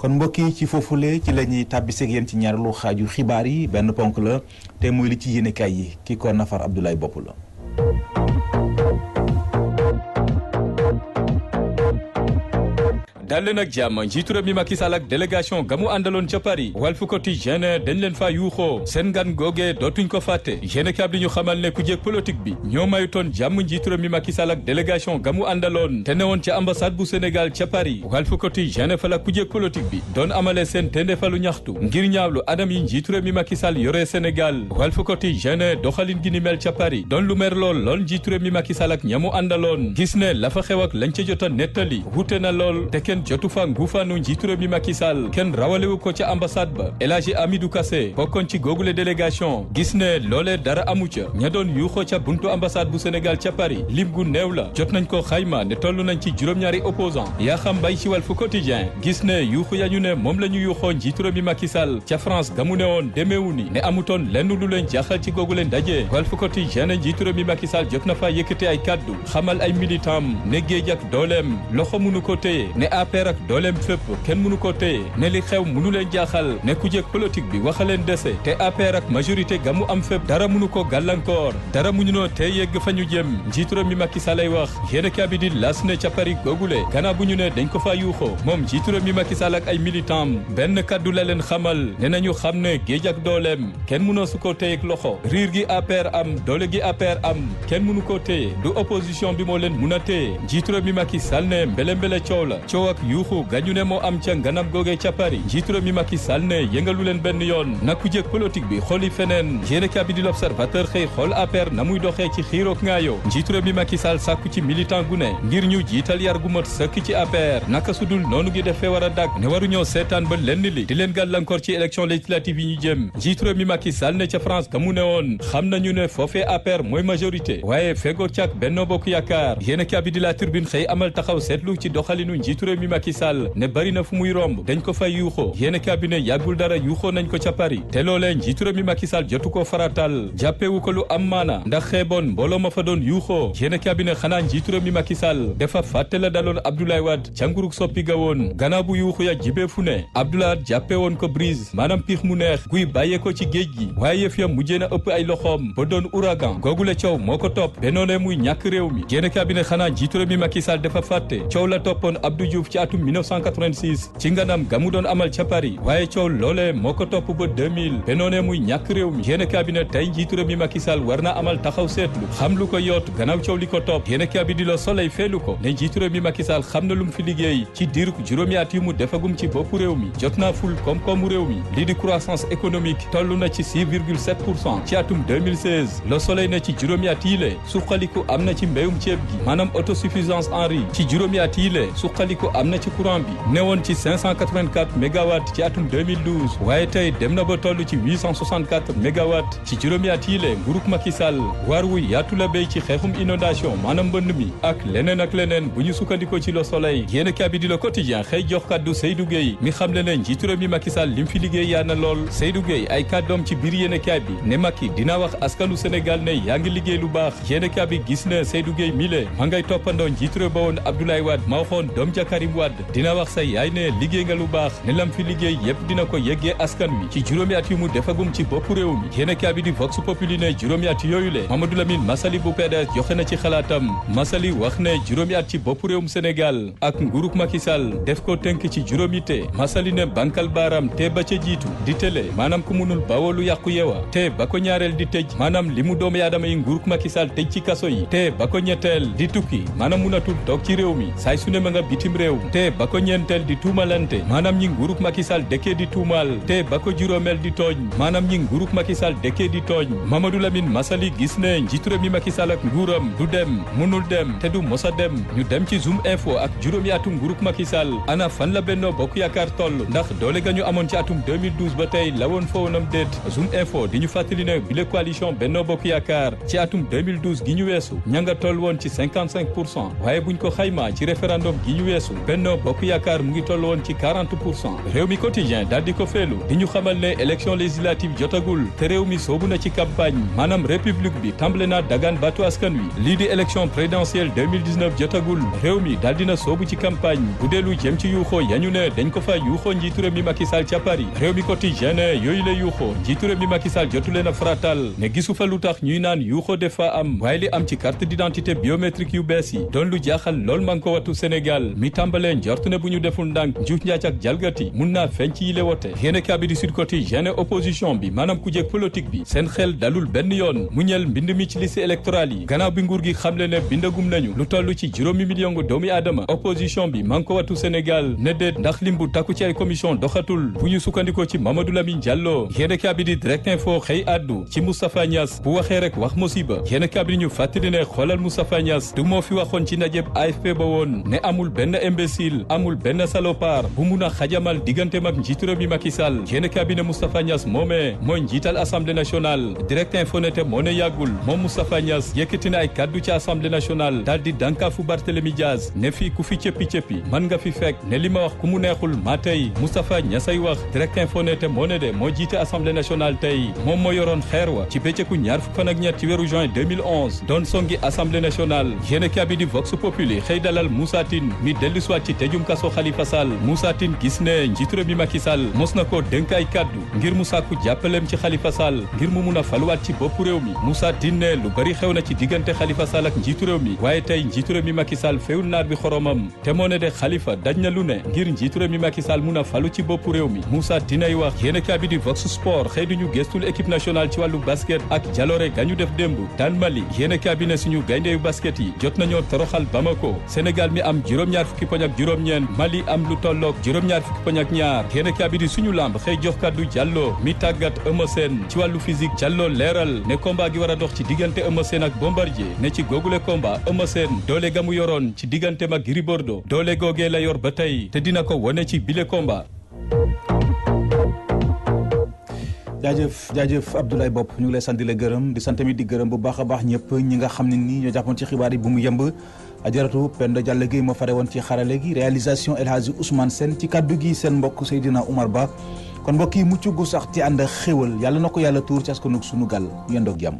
kon mbokk yi ci foofule ci la ñuy tàbbiseeg yéen ci ñaareelu xaaju xibaar yi benn ponk la te muy li ci yéenekaay yi ki ko nafar Abdoulaye Bopp la dal leen ak jàmm njiitu réew mi Macky Sall ak délégation gamu àndaloon ca Paris Walf Quotidien dañ leen fa yuuxoo seen ngan googee dootuñ ko fàtte yéene kaab li ñu xamal ne ku jéeg politique bi ñoo mayutoon jàmm njiitu réew mi Macky Sall ak délégation gamu àndaloon te newoon ca ambassade bu Sénégal ca Paris Walf Quotidien fa la ku jéeg politique bi doon amale seen tendefalu ñaxtu ngir ñaawlu anam yi njiitu réew mi Macky Sall yoree Sénégal Walf Quotidien doxalin gi ni mel ca Paris doon lu mer lool lool njiitu réew mi Macky Sall ak ñamu àndaloon gis ne la fa xew lañ ca jota nettali wute na lool te kenn seen jotu fan buufaanu njiitu réew mi Macky Sall kenn rawalewu ko ca ambassade ba El Hadji Amidou Kassé bokkoon ci googule délégation gis ne loolee dara amu ca ña doon yuuxoo ca buntu ambassade bu Sénégal ca Paris lim gu néew la jot nañ ko xayma ne toll nañ ci juróom-ñaari opposant yaa xam mbay ci Walf Quotidien gis ne yuuxu ya ñu ne moom la ñu yuuxoo njiitu réew mi Macky Sall ca France gamu ne woon demeewu ni ne amutoon lenn lu leen jaaxal ci googule ndaje Walf Quotidien ne mi Macky Sall jot na faa yëkkate ay kàddu xamal ay militant APR ak dooleem fépp kenn mënu ko téye ne li xew mënu leen jaaxal ne ku jëkk politique bi waxa leen dese te APR ak majorité ga mu am fépp dara mënu ko gàllankoor dara mu ñu noo te yegg fa ñu jëm njiitu réew mi Macky Sall lay wax yéena kaabi di las ne ca Paris googule gannaaw bu ñu ne dañ ko faa yuuxoo moom njiitu réew mi Macky Sall ak ay militant benn kaddu la leen xamal ne nañu xam ne géej ak dooleem kenn mënoo su ko téye loxo riir gi APR am doole gi APR am kenn mënu ko téye du bi moo leen mën a téye njiitu mi Macky Sall ne la yuuxu gañu ne moo am ca nganam googe ca Paris njiitu mi Macky Sall ne yëngalu leen benn yoon nakku jëg politique bi xooli feneen yéene kabi di l'observateur xëy xool APR na muy doxee ci xiirook ngaayo njiitu réew mi Macky Sall sàkku ci militant gu ne ngir ñu jiital yar gu mat sëkk ci APR naka sudul noonu gi defee war a dàgg ne waru ñoo seetaan ba lenn li di leen gàllankoor ci élection législative yi ñu jëm njiitu réew mi Macky Sall ne ca France ga mu ne woon xam nañu ne foofee APR mooy majorité waaye fegoo càk Benno Bokk Yaakaar yéene kabi di la amal taxaw seetlu ci doxalinu njiitu Macky Sall ne bari na fu muy romb dañ ko fay yuuxoo yéen cabinet yàggul dara yuuxoo nañ ko ca Paris te loolee njiitu réew jotu ko faratal jàppewu ko lu am maana ndax xeeboon mbooloo ma fa doon yuuxoo yéen cabinet xanaa njiitu réew mi Macky Sall dafa fàtte la daloon Abdoulaye Wade ca ngurug soppi ga woon gannaaw bu yuuxu ya jibee fu ne Abdoulaye Wade jàppe woon ko brise maanaam piix mu neex guy bàyyee ci géej gi waaye yëf ya mujjee na ëpp ay loxoom ba doon ouragan googule coow moo ko topp benoone muy ñàkk réew mi yéen cabinet xanaa njiitu réew mi Macky Sall dafa fàtte coow la toppoon ci atum 1986 ci nganam ga mu doon amal ca Paris waaye coow loolee moo ko topp ba 2000 muy ñàkk réew mi yéene cabinet tey njiitu réew mi Macky Sall war na amal taxaw seetlu xam lu ko yoot gannaaw coow li ko topp yéene cabinet di la feelu ko ne njiitu réew mi Macky xam na lu mu fi liggéey ci diiruk juróomi at yu mu defagum ci boppu réew mi jot naa ful koom-koomu réew mi lii di croissance économique toll na ci 6,7 pour cent ci atum 2016 le soleil ne ci juróomi at yi le suqaliku am na ci mbéyum ceeb gi maanaam autosuffisance en riz ci juróomi at yi am na ci courant bi newoon ci 584 mégawatts ci atum 2012 waaye tey dem na ba toll ci 864 mégawatts ci juróomi at yile nguurug Macky Sall waar wu yaatu la béy ci xeexum inondation maanaam mbënn mi ak leneen ak leneen bu ñu sukkandikoo ci Le Soleil yéena kaabi di Le Quotidien xëy jox kaddu Seydou Gueye mi xam le ne mi Macky Sall lim fi liggéey yaa na lool Seydou Gueye ay kàddoom ci biir yéena kaay bi ne yi dina wax askanu Sénégal ne yaa ngi liggéey lu baax yéena kaay bi gis na Seydou Gueye mi le toppandoo njiitu réew ba woon Abdoulaye Wade ma Karim Wade dina wax sa yaay ne liggéey nga lu baax ne lam fi liggéey yëpp dina ko yeggee askan wi ci juróomi yu mu defagum ci bopp réew mi yéen a kaabi di Vox Populi ne juróomi at yooyu le Mamadou Lamine Massaly bu PDS joxe na ci xalaatam Massaly wax ne juróomi at ci bopp réewum Sénégal ak nguurug Macky Sall def ko tënk ci juróomi te Massaly ne bankal baaraam te ba ca jiitu di télé maanaam ku munul bawoo lu yàqu yewa te ba ko ñaareel di tëj maanaam li mu doomu aadama yi nguurug Sall tëj ci kaso yi te ba ko di tukki maanaam munatul toog ci réew mi te ba ko ñeenteel di tuumalante maanaam ñi nguurug Macky Sall dëkkee di tuumaal te ba ko juróomeel di tooñ maanaam ñi nguurug Macky Sall dëkkee di tooñ Mamadou Lamine Massaly gis ne njiitu réew mi Macky Sall ak nguuram du dem mënul dem te du mos a dem ñu dem ci Zoom Info ak juróomi atum nguurug Macky Sall ana fan la Benno Bokk Yaakaar toll ndax doole ga ñu amoon ci atum 2012 ba tey la lawoon fawoonam déet Zoom Info di ñu fàttali ne bile coalition Benno Bokk Yaakaar ci atum 2012 gi ñu ña nga toll woon ci 55 pour cent waaye buñ ko xaymaa ci référendum gi ñu Benno Bokk Yaakaar mu ngi toll woon ci 40 pour cent réew mi quotidien daal di ko feelu di ñu xamal ne élection législative jotagul te réew mi soobu na ci campagne maanaam république bi tàmbale na dagaan batu askan wi lii di élection présidentielle jotagul réew mi daal dina soobu ci campagne bu deelu jëm ci yuuxoo yañu ne dañ ko fa yuuxoo njiitu mi Macky ca Paris réew mi quotidien ne yooyu la yuuxoo njiitu mi Macky Sall jotu fratal ne gisu fa lu tax ñuy naan yu bees yi doon lu leen njort ne bu ñu deful ndànk njuuj njaaj ak jalgati mun naa feeñ yile wote yéene bi di Sud Quotidien ne opposition bi maanaam ku jeeg politique bi seen xel dalul benn yoon mu ñeel mbind mi ci liste yi gannaaw bi nguur gi xamle ne bindagum nañu lu toll ci juróomi million ngu doomi aadama opposition bi man ko watu Sénégal ne déet ndax lim bu takku ci ay commission doxatul bu ñu sukkandikoo ci Mamadou Lamine Diallo yéene kaa bi di Direct Info xëy addu imbécile amul benn salopard bu mun a xajamal digganteem ak njiitu réew mi Macky Sall yéen cabinet Moustapha Niass moomee mooy njiital assemblée nationale direct info ne te moo ne yàggul moom Moustapha Niass yëkkati na ay kaddu ci assemblée nationale daal di Barthélémy Diaz ne fii ku fi cëppi-cëppi man nga fi fekk ne li ma wax ku mu neexul maa tey Moustapha Niass ay wax direct info ne te moo ne de moo jiite assemblée nationale tey moom moo yoroon xeer wa ci bëccëgu ñaar fukk fan ak ñett ci weeru juin 2011 doon songi assemblée nationale yéen ci tëjum kaso Khalifa Sall Moussa Tine gis ne njiitu réew mi Macky Sall mos na ko dénk ay kàddu ngir mu sàkku jàppaleem ci Khalifa Sall ngir mu mun a faluwaat ci bopp réew mi Moussa Tine ne lu bari xew na ci diggante Khalifa Sall ak njiitu réew mi waaye tey njiitu réew mi Macky Sall feewul naar bi xoromam te moo ne de xalifa daj na lu ne ngir njiitu réew mi Macky Sall mun a falu ci bopp réew mi Moussa Tine ay wax yéen kaabi di Vox Sport xëy duñu gestul équipe nationale ci wàllu basket ak jaloore gañu def démb daan Mali yéen a kaabi ne suñu gayndeyu basket yi jot nañoo toroxal Bamako Sénégal mi am juróom-ñaar fukki poñ ak juróom-ñeent Mali am lu tolloog juróom-ñaar fukki ak ñaar yéen kaabi suñu lamb xëy jox kaddu Diallo mi tàggat Eumeu Sène ci wàllu physique Diallo leeral ne combat gi war a dox ci diggante Eumeu Sène ak Bombardier ne ci googule combat Eumeu Sène doole ga mu yoroon ci diggante mag Gris Bordeaux doole googee la yor ba tey te dina ko wone ci bile combat. jaajëf jaajëf Abdoulaye Bopp ñu ngi lay sant di la gërëm di sant tamit di gërëm bu baax a baax ñëpp ñi nga xam ne nii ñoo jàppoon ci xibaar yi bu mu yemb ajaratu Penda jàll Gueye ma fare woon ci xarale gi réalisation El Hadji seen ci kàddu gi seen mbokk Seydina Oumar Ba kon mbokk yi mucc gu sax ci ànd ak xéwal yàlla na ko yàlla tuur ci askanug sunu gàll yendoog jàmm